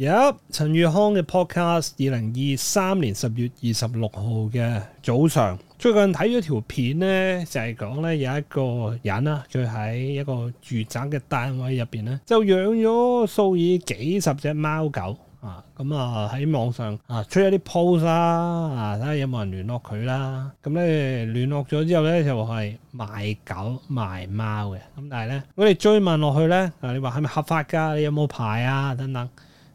有、yep, 陳玉康嘅 podcast，二零二三年十月二十六號嘅早上，最近睇咗條片咧，就係、是、講咧有一個人啦，佢喺一個住宅嘅單位入邊咧，就養咗數以幾十隻貓狗啊，咁啊喺網上啊出咗啲 post 啦，啊睇下、啊、有冇人聯絡佢啦，咁、嗯、咧、嗯、聯絡咗之後咧就係賣狗賣貓嘅，咁、嗯、但係咧我哋追問落去咧，啊你話係咪合法㗎？你有冇牌啊？等等。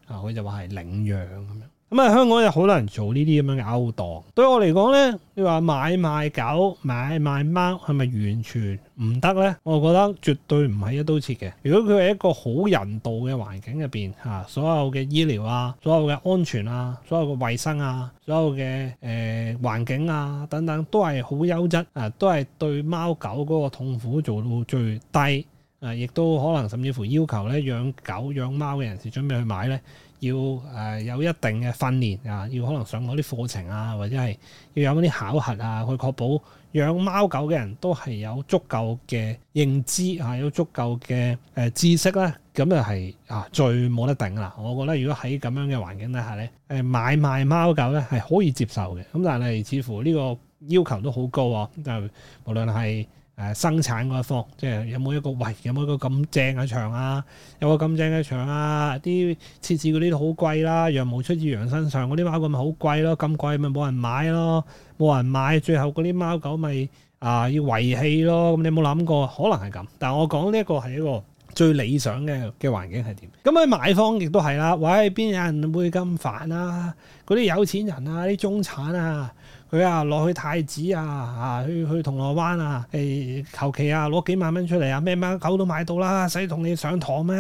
啊！佢就話係領養咁樣，咁、嗯、啊香港有好多人做呢啲咁樣嘅勾當。對我嚟講咧，你話買賣狗、買賣貓，係咪完全唔得咧？我覺得絕對唔係一刀切嘅。如果佢係一個好人道嘅環境入邊，嚇、啊、所有嘅醫療啊、所有嘅安全啊、所有嘅衛生啊、所有嘅誒、呃、環境啊等等，都係好優質啊，都係對貓狗嗰個痛苦做到最低。誒，亦都可能甚至乎要求咧，養狗養貓嘅人士準備去買咧，要誒、呃、有一定嘅訓練啊，要可能上嗰啲課程啊，或者係要有嗰啲考核啊，去確保養貓狗嘅人都係有足夠嘅認知啊，有足夠嘅誒知識咧，咁就係啊最冇得頂啦！我覺得如果喺咁樣嘅環境底下咧，誒買賣貓狗咧係可以接受嘅，咁、啊、但係似乎呢個要求都好高啊！但、啊、無論係。誒生產嗰一方，即係有冇一個喂，有冇一個咁正嘅場啊？有個咁正嘅場啊！啲設置嗰啲都好貴啦，羊毛出自羊身上，嗰啲貓咁咪好貴咯，咁貴咪冇人買咯，冇人買，最後嗰啲貓狗咪啊、呃、要遺棄咯。咁你有冇諗過，可能係咁。但係我講呢一個係一個最理想嘅嘅環境係點？咁喺買方亦都係啦。喂，邊有人會咁煩啊？嗰啲有錢人啊，啲中產啊。佢啊，落去太子啊，啊去去銅鑼灣啊，誒求其啊攞幾萬蚊出嚟啊，咩貓狗都買到啦，使同你上堂咩？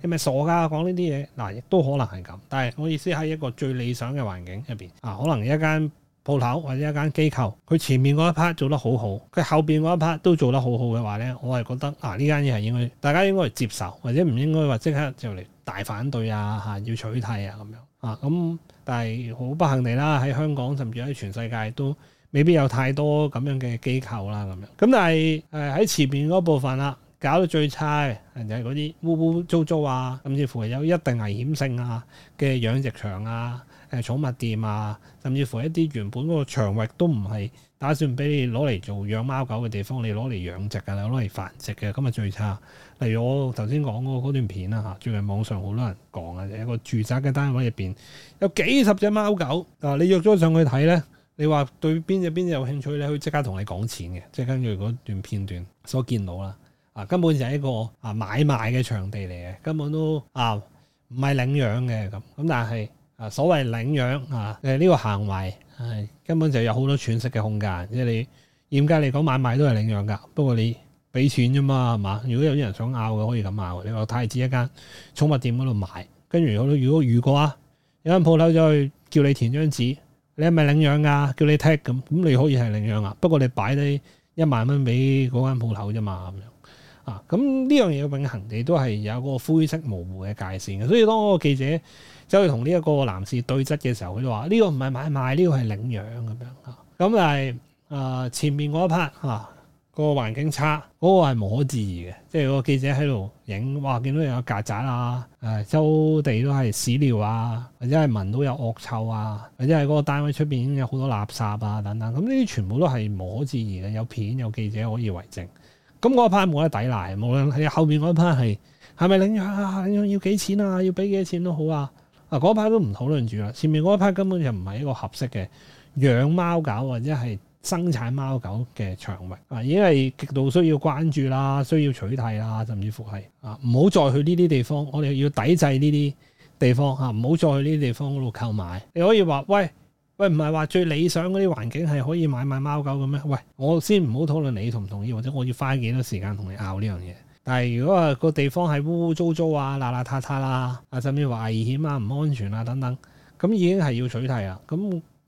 你咪傻噶，講呢啲嘢嗱，亦、啊、都可能係咁。但係我意思喺一個最理想嘅環境入邊啊，可能一間鋪頭或者一間機構，佢前面嗰一 part 做得好好，佢後邊嗰一 part 都做得好好嘅話咧，我係覺得啊呢間嘢係應該大家應該接受，或者唔應該話即刻就嚟大反對啊嚇、啊、要取替啊咁樣。啊，咁但係好不幸地啦，喺香港甚至喺全世界都未必有太多咁樣嘅機構啦，咁樣。咁但係誒喺前面嗰部分啦，搞到最差就係嗰啲污污糟糟啊，甚至乎係有一定危險性啊嘅養殖場啊。誒寵物店啊，甚至乎一啲原本嗰個場域都唔係打算俾你攞嚟做養貓狗嘅地方，你攞嚟養殖嘅，攞嚟繁殖嘅，咁啊最差。例如我頭先講嗰段片啦嚇，最近網上好多人講啊，就係一個住宅嘅單位入邊有幾十隻貓狗啊，你約咗上去睇咧，你話對邊隻邊隻有興趣咧，佢即刻同你講錢嘅，即係根據嗰段片段所見到啦啊，根本就係一個啊買賣嘅場地嚟嘅，根本都啊唔係領養嘅咁咁，但係。啊，所謂領養啊，誒、這、呢個行為係、哎、根本就有好多喘息嘅空間。即係你嚴格嚟講，買賣都係領養㗎。不過你俾錢啫嘛，係嘛？如果有啲人想拗嘅，可以咁拗。你話太子一間寵物店嗰度買，跟住好如果如果遇啊，有間鋪頭再叫你填張紙，你係咪領養㗎？叫你 t a k 咁咁，你可以係領養啊。不過你擺低一萬蚊俾嗰間鋪頭啫嘛，咁樣。啊，咁呢樣嘢永恒地都係有個灰色模糊嘅界線嘅，所以當個記者走去同呢一個男士對質嘅時候，佢就話：呢個唔係買賣，呢個係領養咁樣。嚇、啊，咁但係誒前面嗰一 part 嚇，啊個環境差，嗰個係無可置疑嘅，即係個記者喺度影，哇，見到有曱甴啊，誒、啊，周地都係屎尿啊，或者係聞到有惡臭啊，或者係嗰個單位出邊已經有好多垃圾啊等等，咁呢啲全部都係無可置疑嘅，有片有記者可以為證。咁嗰一派冇得抵賴，無論係後面嗰一派係係咪領養啊，領養要幾錢啊，要俾幾錢都好啊，嗱嗰一派都唔討論住啦。前面嗰一派根本就唔係一個合適嘅養貓狗或者係生產貓狗嘅場域，啊已經係極度需要關注啦，需要取締啦，甚至乎係啊唔好再去呢啲地方，我哋要抵制呢啲地方嚇，唔好再去呢啲地方嗰度購買。你可以話喂。喂，唔係話最理想嗰啲環境係可以買買貓狗嘅咩？喂，我先唔好討論你同唔同意，或者我要花幾多時間同你拗呢樣嘢。但係如果話個地方係污污糟糟啊、邋邋遢遢啦，啊甚至話危險啊、唔安全啊等等，咁已經係要取締啊。咁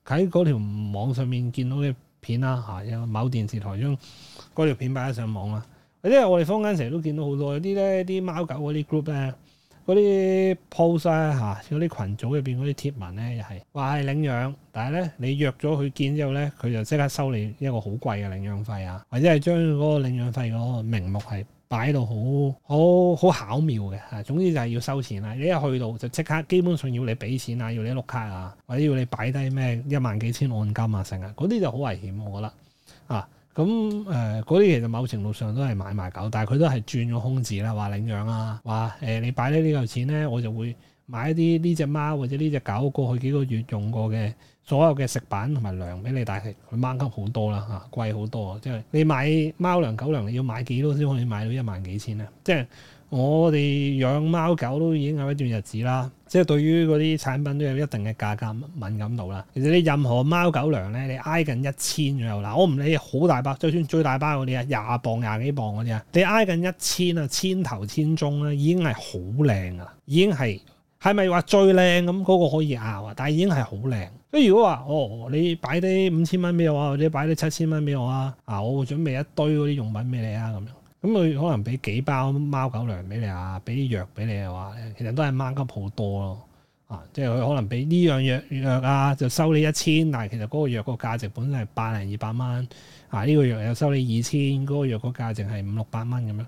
喺嗰條網上面見到嘅片啦嚇，有某電視台中嗰條片擺上網啦。或者我哋坊間成日都見到好多有啲咧啲貓狗嗰啲 group 病。嗰啲 post 啊，嗰啲群組入邊嗰啲貼文咧，又係話係領養，但係咧你約咗佢見之後咧，佢就即刻收你一個好貴嘅領養費啊，或者係將嗰個領養費嗰個名目係擺到好好好巧妙嘅，啊，總之就係要收錢啦，啊。你一去到就即刻，基本上要你俾錢啊，要你碌卡啊，或者要你擺低咩一萬幾千按金啊成啊，嗰啲就好危險，我覺得啊。咁誒嗰啲其實某程度上都係買賣狗，但係佢都係轉咗空子啦，話領養啊，話誒、呃、你擺喺呢嚿錢咧，我就會，買一啲呢隻貓或者呢隻狗過去幾個月用過嘅所有嘅食品同埋糧俾你，但係佢掹級好多啦嚇、啊，貴好多啊！即係你買貓糧狗糧你要買幾多先可以買到一萬幾千咧？即係我哋養貓狗都已經有一段日子啦，即係對於嗰啲產品都有一定嘅價格敏感度啦。其實你任何貓狗糧咧，你挨近一千左右啦，我唔理好大包，就算最大包嗰啲啊，廿磅廿幾磅嗰啲啊，你挨近一千啊，千頭千緒咧，已經係好靚啊，已經係。係咪話最靚咁嗰個可以咬啊？但係已經係好靚。所以如果話哦，你擺低五千蚊俾我，或者擺低七千蚊俾我啊，啊，我會準備一堆嗰啲用品俾你啊，咁樣。咁佢可能俾幾包貓狗糧俾你啊，俾啲藥俾你啊，話其實都係掹急好多咯。啊，即係佢可能俾呢樣藥藥啊，就收你一千，但係其實嗰個藥個價值本身係百零二百蚊。啊，呢個藥又收你二千，嗰個藥個價值係五六百蚊咁樣，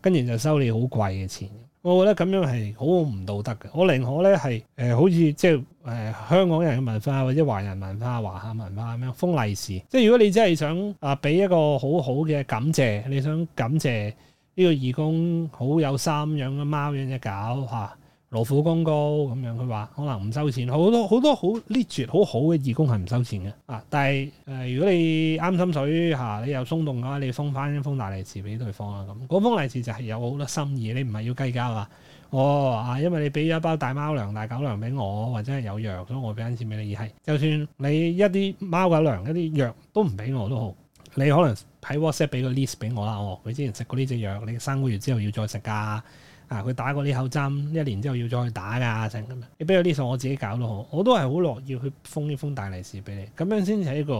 跟住就收你好貴嘅錢。我覺得咁樣係好唔道德嘅，我寧可咧係誒好似即係誒香港人嘅文化或者華人文化，華夏文化咁樣封利是，即係如果你真係想啊俾一個好好嘅感謝，你想感謝呢個義工好有三養嘅貓養嘅狗嚇。勞苦功高咁樣，佢話可能唔收錢，多很多很 ic，好多好多好熱絕好好嘅義工係唔收錢嘅啊！但係誒、呃，如果你啱心水嚇、啊，你有鬆動嘅話，你封翻封大利是俾對方啦咁。那個、封利是就係有好多心意，你唔係要計較啊！哦啊，因為你俾咗一包大貓糧、大狗糧俾我，或者係有藥，所以我俾翻錢俾你。而係就算你一啲貓狗糧、一啲藥都唔俾我都好，你可能喺 WhatsApp 俾個 list 俾我啦。哦，佢之前食過呢隻藥，你三個月之後要再食噶。啊！佢打過啲口針，一年之後要再打㗎剩㗎嘛？你比如呢套我自己搞都好，我都係好樂意去封一封大，大利是俾你，咁樣先係一個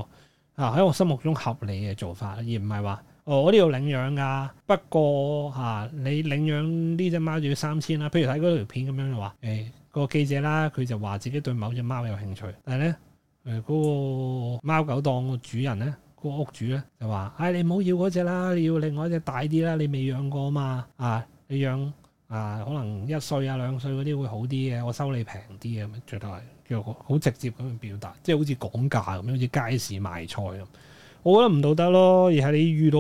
啊，喺我心目中合理嘅做法，而唔係話我呢度領養噶。不過嚇、啊、你領養呢隻貓要三千啦，譬如睇嗰條片咁樣嘅話，誒、欸嗰個記者啦，佢就話自己對某隻貓有興趣，但係咧誒嗰個貓狗檔個主人咧，嗰個屋主咧就話：唉、哎，你唔好要嗰隻啦，你要另外一隻大啲啦，你未養過啊嘛，啊你養。啊，可能一歲啊、兩歲嗰啲會好啲嘅，啊，我收你平啲嘅，最多就好直接咁樣表達，即係好似講價咁樣，好似街市賣菜咁。我覺得唔道德咯，而係你遇到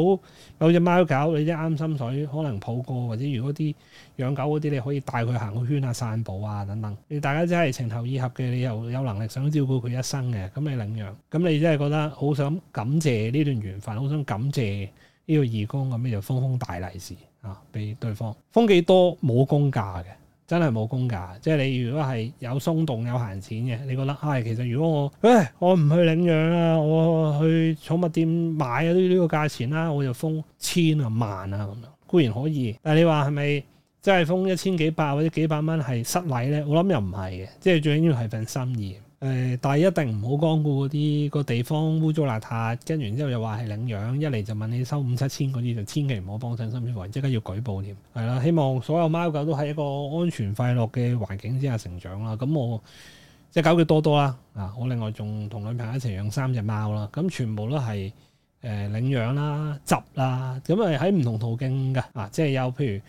有隻貓狗，你啱心水，可能抱過，或者如果啲養狗嗰啲，你可以帶佢行個圈啊、散步啊等等。你大家真係情投意合嘅，你又有能力想照顧佢一生嘅，咁你領養，咁你真係覺得好想感謝呢段緣分，好想感謝呢個義工咁樣就封封大利是。啊！俾對方封幾多冇公價嘅，真係冇公價。即係你如果係有鬆動、有閒錢嘅，你覺得，唉、哎，其實如果我，誒、哎，我唔去領養啊，我去寵物店買啊，呢、這、呢個價錢啦，我就封千啊萬啊咁樣，固然可以。但係你話係咪真係封一千幾百或者幾百蚊係失禮咧？我諗又唔係嘅，即係最緊要係份心意。誒，但係一定唔好光顧嗰啲個地方污糟邋遢，跟完之後又話係領養，一嚟就問你收五七千嗰啲，就千祈唔好幫襯，甚至乎即刻要舉報添。係啦，希望所有貓狗都喺一個安全快樂嘅環境之下成長啦。咁我即係、就是、狗嘅多多啦，啊，我另外仲同女朋友一齊養三隻貓啦。咁、啊、全部都係誒、呃、領養啦、執啦，咁誒喺唔同途徑㗎。啊，即係有譬如。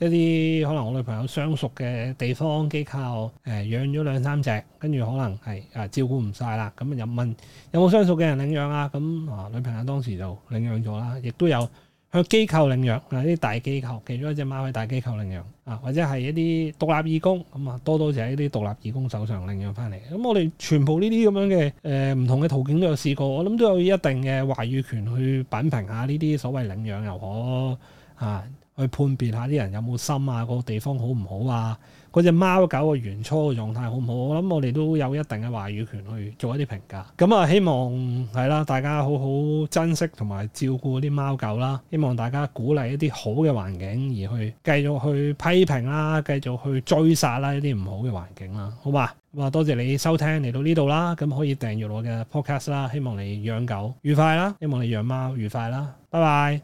一啲可能我女朋友相熟嘅地方機構誒、呃、養咗兩三隻，跟住可能係啊，照顧唔晒啦，咁又、嗯、問有冇相熟嘅人領養啊？咁、呃、啊、呃、女朋友當時就領養咗啦，亦都有向機構領養啊，啲大機構其中一隻貓去大機構領養啊，或者係一啲獨立義工咁啊，多多就喺啲獨立義工手上領養翻嚟。咁、啊嗯、我哋全部呢啲咁樣嘅誒唔同嘅途徑都有試過，我諗都有一定嘅話語權去品評下呢啲所謂領養又可啊～啊去判別下啲人有冇心啊，嗰、嗰個地方好唔好啊，嗰隻貓狗嘅原初嘅狀態好唔好？我諗我哋都有一定嘅話語權去做一啲評價。咁、嗯、啊，希望係啦，大家好好珍惜同埋照顧啲貓狗啦。希望大家鼓勵一啲好嘅環境，而去繼續去批評啦，繼續去追殺啦，一啲唔好嘅環境啦，好吧，咁、嗯、啊，多謝你收聽嚟到呢度啦，咁、嗯、可以訂閱我嘅 podcast 啦。希望你養狗愉快啦，希望你養貓愉快啦，拜拜。